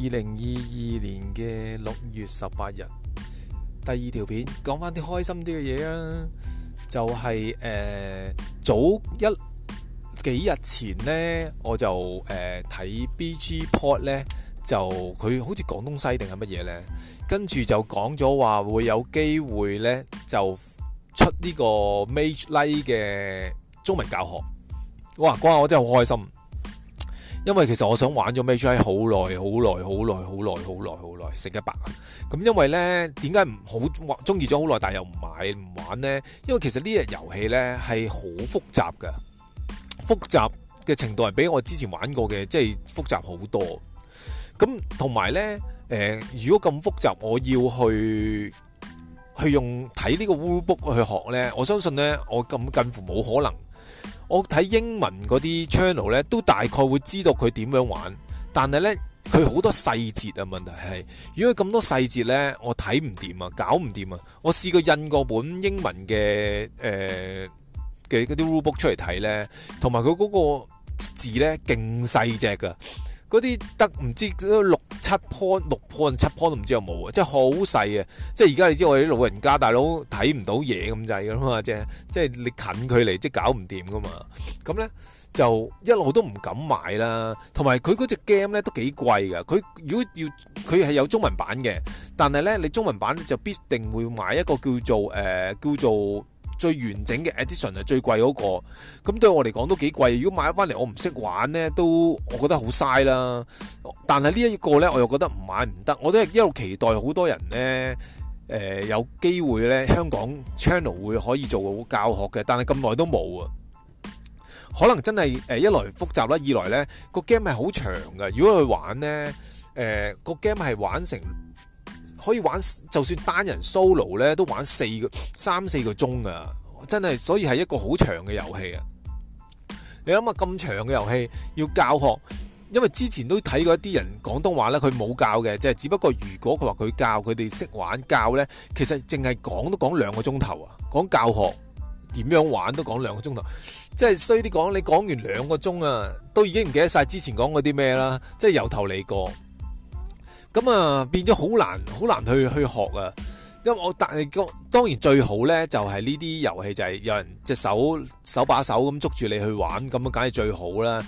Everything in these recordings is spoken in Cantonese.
二零二二年嘅六月十八日，第二條片講返啲開心啲嘅嘢啦，就係、是、誒、呃、早一幾日前呢，我就誒睇、呃、B G Pod 呢就佢好似廣東西定係乜嘢呢？跟住就講咗話會有機會呢，就出呢個 Major Lie 嘅中文教學，哇，哥我真係好開心。因為其實我想玩咗《Magic》好耐，好耐，好耐，好耐，好耐，好耐，食一百萬。咁因為呢，點解唔好中意咗好耐，但又唔買唔玩呢？因為其實呢隻遊戲呢係好複雜嘅，複雜嘅程度係比我之前玩過嘅即係複雜好多。咁同埋呢，誒，如果咁複雜，我要去去用睇呢個《rulebook》去學呢，我相信呢，我咁近乎冇可能。我睇英文嗰啲 channel 咧，都大概會知道佢點樣玩，但係呢，佢好多細節啊。問題係，如果咁多細節呢，我睇唔掂啊，搞唔掂啊。我試過印過本英文嘅誒嘅啲 rulebook 出嚟睇呢，同埋佢嗰個字呢，勁細只噶。嗰啲得唔知六七 point 六 point 七 point 都唔知有冇啊！即係好細啊！即係而家你知我哋啲老人家大佬睇唔到嘢咁滯噶嘛？啫，即係你近距離即係搞唔掂噶嘛。咁咧就一路都唔敢買啦。同埋佢嗰隻 game 咧都幾貴㗎。佢如果要佢係有中文版嘅，但係咧你中文版就必定會買一個叫做誒、呃、叫做。最完整嘅 edition 係最貴嗰、那個，咁對我嚟講都幾貴。如果買一返嚟，我唔識玩呢，都我覺得好嘥啦。但係呢一個呢，我又覺得唔買唔得。我都係一路期待好多人呢，誒、呃、有機會呢，香港 channel 會可以做教學嘅。但係咁耐都冇啊，可能真係誒、呃、一來複雜啦，二來呢個 game 係好長嘅。如果去玩呢，誒、呃、個 game 係玩成。可以玩就算單人 solo 咧，都玩四個三四個鐘啊！真係，所以係一個好長嘅遊戲啊！你諗下咁長嘅遊戲要教學，因為之前都睇過一啲人廣東話咧，佢冇教嘅，即係只不過如果佢話佢教佢哋識玩教咧，其實淨係講都講兩個鐘頭啊！講教學點樣玩都講兩個鐘頭，即係衰啲講你講完兩個鐘啊，都已經唔記得晒之前講過啲咩啦，即係由頭嚟過。咁啊，變咗好難，好難去去學啊！因為我但係當然最好呢，就係呢啲遊戲就係有人隻手手把手咁捉住你去玩，咁啊梗係最好啦！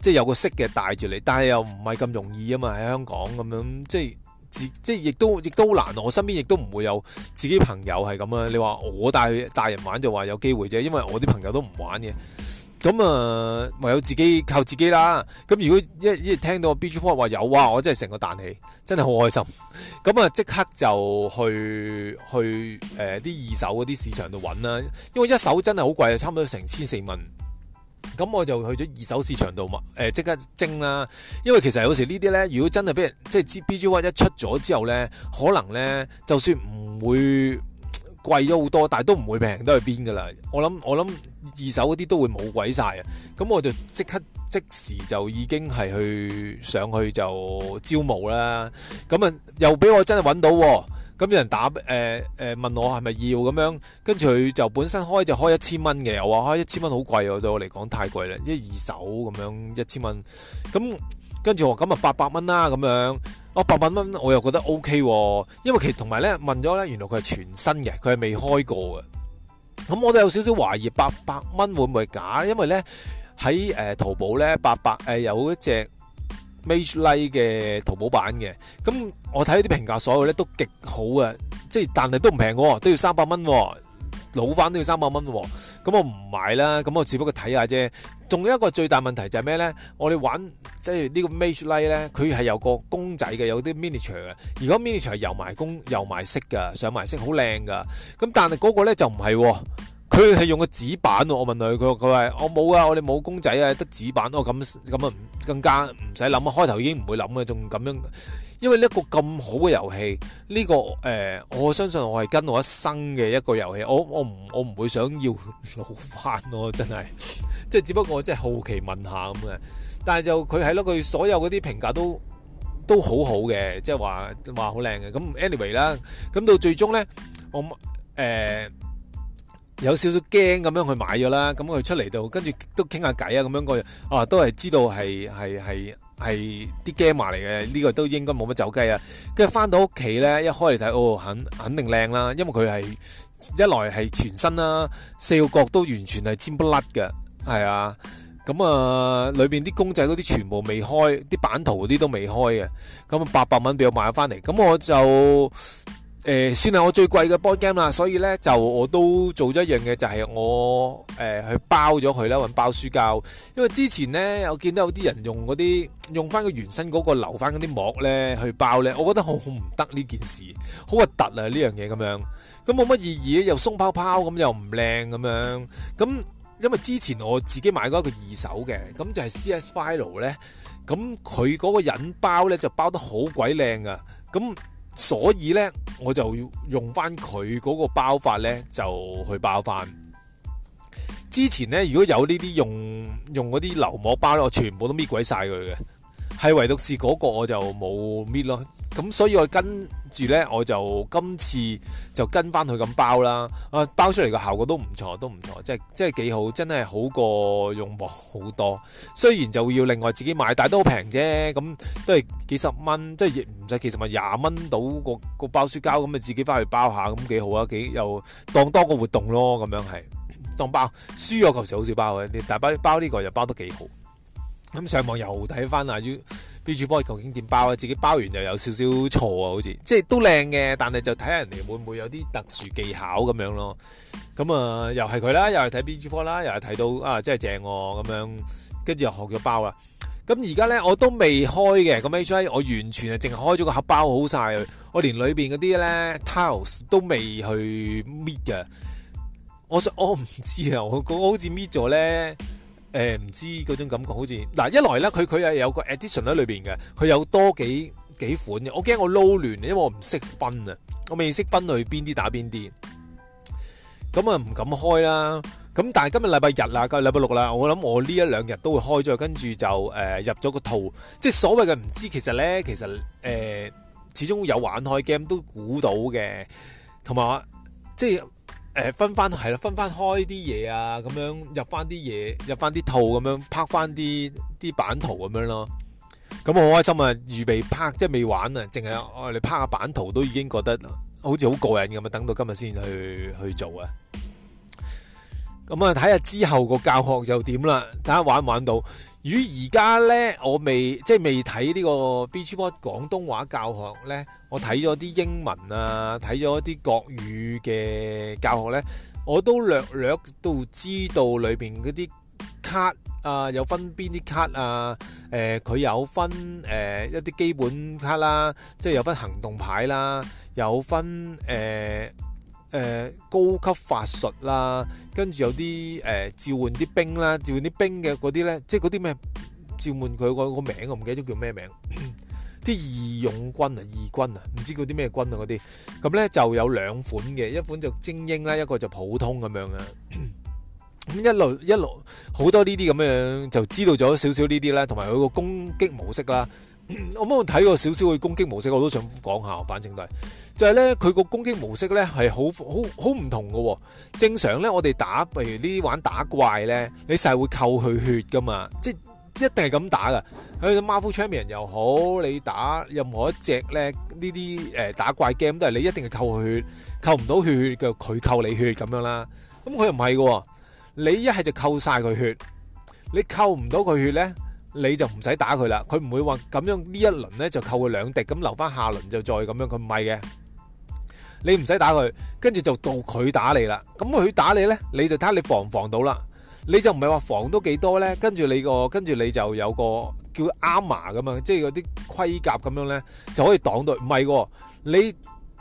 即係有個識嘅帶住你，但係又唔係咁容易啊嘛！喺香港咁樣，即係自即係亦都亦都難。我身邊亦都唔會有自己朋友係咁啊！你話我帶去大人玩就話有機會啫，因為我啲朋友都唔玩嘅。咁啊，唯、嗯、有自己靠自己啦。咁如果一一，一聽到 B G o 話有啊，我真係成個彈起，真係好開心。咁啊，即刻就去去誒啲、呃、二手嗰啲市場度揾啦。因為一手真係好貴啊，差唔多成千四蚊。咁我就去咗二手市場度誒即刻蒸啦。因為其實有時呢啲咧，如果真係俾人即係知 B G o 一出咗之後咧，可能咧就算唔會。貴咗好多，但係都唔會平得去邊噶啦。我諗我諗二手嗰啲都會冇鬼晒。啊。咁我就即刻即時就已經係去上去就招募啦。咁啊又俾我真係揾到，咁有人打誒誒、呃呃、問我係咪要咁樣，跟住佢就本身開就開一千蚊嘅，我話開一千蚊好貴喎，對我嚟講太貴啦，一二手咁樣一千蚊。咁跟住我話咁啊八百蚊啦咁樣。我八百蚊我又覺得 OK，哦，因為其實同埋咧問咗咧，原來佢係全新嘅，佢係未開過嘅。咁我都有少少懷疑八百蚊會唔會假，因為咧喺誒淘寶咧八百誒有一隻 Mage Lite 嘅淘寶版嘅。咁我睇啲評價，所有咧都極好嘅，即係但係都唔平嘅，都要三百蚊。老翻都要三百蚊喎，咁我唔買啦，咁我只不過睇下啫。仲有一個最大問題就係咩咧？我哋玩即係呢個 Mage Light 咧，佢係有個公仔嘅，有啲 miniature 嘅。如果 miniature 係油埋公、油埋色嘅，上埋色好靚㗎。咁但係嗰個咧就唔係、哦，佢係用個紙板。我問佢，佢佢話我冇啊，我哋冇公仔啊，得紙板。我咁咁啊，更加唔使諗啊，開頭已經唔會諗嘅，仲咁樣。因為一個咁好嘅遊戲，呢、這個誒、呃，我相信我係跟我一生嘅一個遊戲，我我唔我唔會想要老翻咯真係，即係只不過即係好奇問下咁啊！但係就佢係咯，佢所有嗰啲評價都都好好嘅，即係話話好靚嘅。咁 anyway 啦，咁到最終呢，我誒、呃、有少少驚咁樣去買咗啦，咁佢出嚟到，跟住都傾下偈啊，咁樣嗰，啊都係知道係係係。係啲 game 埋嚟嘅，呢、這個都應該冇乜走雞啊！跟住翻到屋企呢，一開嚟睇，哦，肯肯定靚啦，因為佢係一來係全新啦，四個角都完全係尖不甩嘅，係啊，咁、嗯、啊，裏邊啲公仔嗰啲全部未開，啲版圖嗰啲都未開嘅，咁八百蚊俾我買翻嚟，咁、嗯、我就。誒、呃，算係我最貴嘅 board game 啦，所以咧就我都做咗一樣嘢，就係、是、我誒、呃、去包咗佢啦，搵包書膠。因為之前咧，我見到有啲人用嗰啲用翻個原身嗰個留翻嗰啲膜咧去包咧，我覺得好唔得呢件事，好核突啊呢樣嘢咁樣。咁冇乜意義，又鬆泡泡咁，又唔靚咁樣。咁因為之前我自己買過一個二手嘅，咁就係 CS Philo 咧，咁佢嗰個引包咧就包得好鬼靚噶，咁。所以咧，我就用翻佢嗰個包法咧，就去包翻。之前咧，如果有呢啲用用嗰啲流膜包咧，我全部都搣鬼晒佢嘅，係唯獨是嗰個我就冇搣咯。咁所以我跟。住咧，我就今次就跟翻佢咁包啦。啊，包出嚟個效果都唔錯，都唔錯，即係即係幾好，真係好過用膜好多。雖然就要另外自己買，但係、嗯、都好平啫。咁都係幾十蚊，即係亦唔使幾十蚊，廿蚊到個個包書膠咁咪自己翻去包下，咁、嗯、幾好啊，幾又當多個活動咯。咁樣係當包書咗，舊時好少包嘅，大包包呢個又包得幾好。咁、嗯、上網又睇翻啊，要。B.G.Poy 究竟點包啊？自己包完又有少少錯啊，好似即係都靚嘅，但係就睇人哋會唔會有啲特殊技巧咁樣咯。咁啊、呃，又係佢啦，又係睇 B.G.Poy 啦，又係睇到啊，即係正喎、啊、咁樣，跟住又學咗包啦。咁而家咧我都未開嘅個 H.J，我完全係淨係開咗個盒包好晒。我連裏邊嗰啲咧 tiles 都未去搣嘅。我想我唔知啊，我我，我好似搣咗咧。誒唔、呃、知嗰種感覺，好似嗱一來咧，佢佢又有個 edition 喺裏邊嘅，佢有多幾幾款嘅，我驚我撈亂，因為我唔識分啊，我未識分去邊啲打邊啲，咁啊唔敢開啦。咁但係今日禮拜日啦，今日禮拜六啦，我諗我呢一兩日都會開咗，跟住就誒、呃、入咗個套，即係所謂嘅唔知，其實咧其實誒、呃、始終有玩開 game 都估到嘅，同埋即係。誒、欸，分翻係啦，分翻開啲嘢啊，咁樣入翻啲嘢，入翻啲套咁樣拍翻啲啲版圖咁樣咯。咁我好開心啊！預備拍即係未玩啊，淨係我哋拍下版圖都已經覺得好似好過癮咁啊！等到今日先去去做啊。咁啊，睇下之後個教學又點啦？睇下玩唔玩到。與而家呢，我未即係、就是、未睇呢個 b i b o a r d i 廣東話教學呢，我睇咗啲英文啊，睇咗啲國語嘅教學呢，我都略略都知道裏邊嗰啲卡啊，有分邊啲卡啊？誒、呃，佢有分誒、呃、一啲基本卡啦，即係有分行動牌啦，有分誒。呃誒、呃、高級法術啦，跟住有啲誒、呃、召喚啲兵啦，召喚啲兵嘅嗰啲咧，即係嗰啲咩召喚佢個名，我唔記得叫咩名，啲 義勇軍啊，義軍啊，唔知嗰啲咩軍啊嗰啲，咁咧就有兩款嘅，一款就精英啦，一個就普通咁樣嘅，咁 一路一路好多呢啲咁樣，就知道咗少少呢啲咧，同埋佢個攻擊模式啦。 我冇睇過少少佢攻擊模式，我都想講下。反正都係，就係、是、咧，佢個攻擊模式咧係好好好唔同嘅、哦。正常咧，我哋打譬如呢玩打怪咧，你實會扣佢血噶嘛，即係一定係咁打噶。佢啲 Marvel Champion 又好，你打任何一隻咧呢啲誒打怪 game 都係你一定係扣佢血，扣唔到血嘅佢扣你血咁樣啦。咁佢又唔係嘅，你一係就扣晒佢血，你扣唔到佢血咧。你就唔使打佢啦，佢唔會話咁樣呢一輪咧就扣佢兩滴，咁留翻，下輪就再咁樣，佢唔係嘅。你唔使打佢，跟住就到佢打你啦。咁佢打你咧，你就睇下你防唔防到啦。你就唔係話防到幾多咧，跟住你個跟住你就有個叫 armour 噶嘛，即係嗰啲盔甲咁樣咧，就可以擋到。唔係嘅，你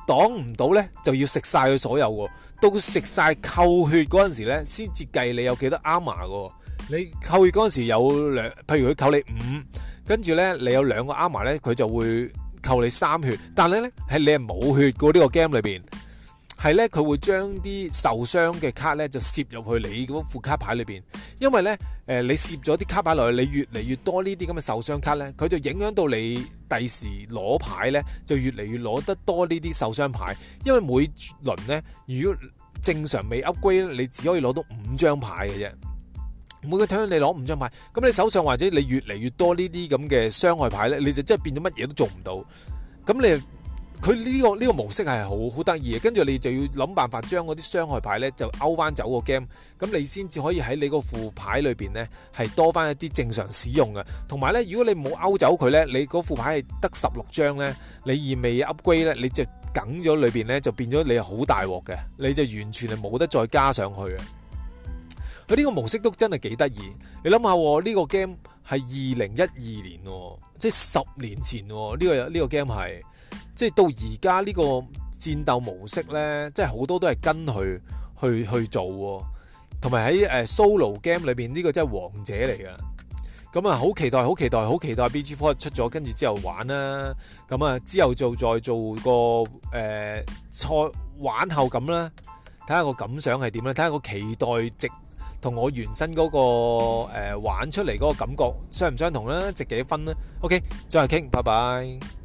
擋唔到咧，就要食晒佢所有嘅。到佢食晒扣血嗰陣時咧，先計你有幾多 armour 噶。你扣血嗰陣時有兩，譬如佢扣你五，跟住咧你有兩個 armor 咧，佢就會扣你三血。但係咧，係你係冇血嘅呢，這個 game 裏邊，係咧佢會將啲受傷嘅卡咧就攝入去你嗰副卡牌裏邊。因為咧，誒、呃、你攝咗啲卡牌落去，你越嚟越多呢啲咁嘅受傷卡咧，佢就影響到你第時攞牌咧，就越嚟越攞得多呢啲受傷牌。因為每輪咧，如果正常未 upgrade 你只可以攞到五張牌嘅啫。每個回合你攞五張牌，咁你手上或者你越嚟越多呢啲咁嘅傷害牌咧，你就真係變咗乜嘢都做唔到。咁你佢呢、呢個呢、呢個模式係好好得意嘅，跟住你就要諗辦法將嗰啲傷害牌咧就勾翻走個 game，咁你先至可以喺你個副牌裏邊咧係多翻一啲正常使用嘅。同埋咧，如果你冇勾走佢咧，你嗰副牌係得十六張咧，你而未 upgrade 咧，你就梗咗裏邊咧就變咗你好大鑊嘅，你就完全係冇得再加上去嘅。佢呢個模式都真係幾得意。你諗下呢個 game 係二零一二年，即係十年前呢個呢個 game 係即係到而家呢個戰鬥模式咧，即係好多都係跟佢去去做，同埋喺誒 solo game 裏邊呢個真係王者嚟噶。咁啊，好期待，好期待，好期待《B G Four》出咗，跟住之後玩啦。咁啊，之後再做再做個誒賽、呃、玩後感啦，睇下個感想係點咧，睇下個期待值。同我原身嗰個、那個、呃、玩出嚟嗰個感覺，相唔相同呢？值幾分呢？OK，再傾，拜拜。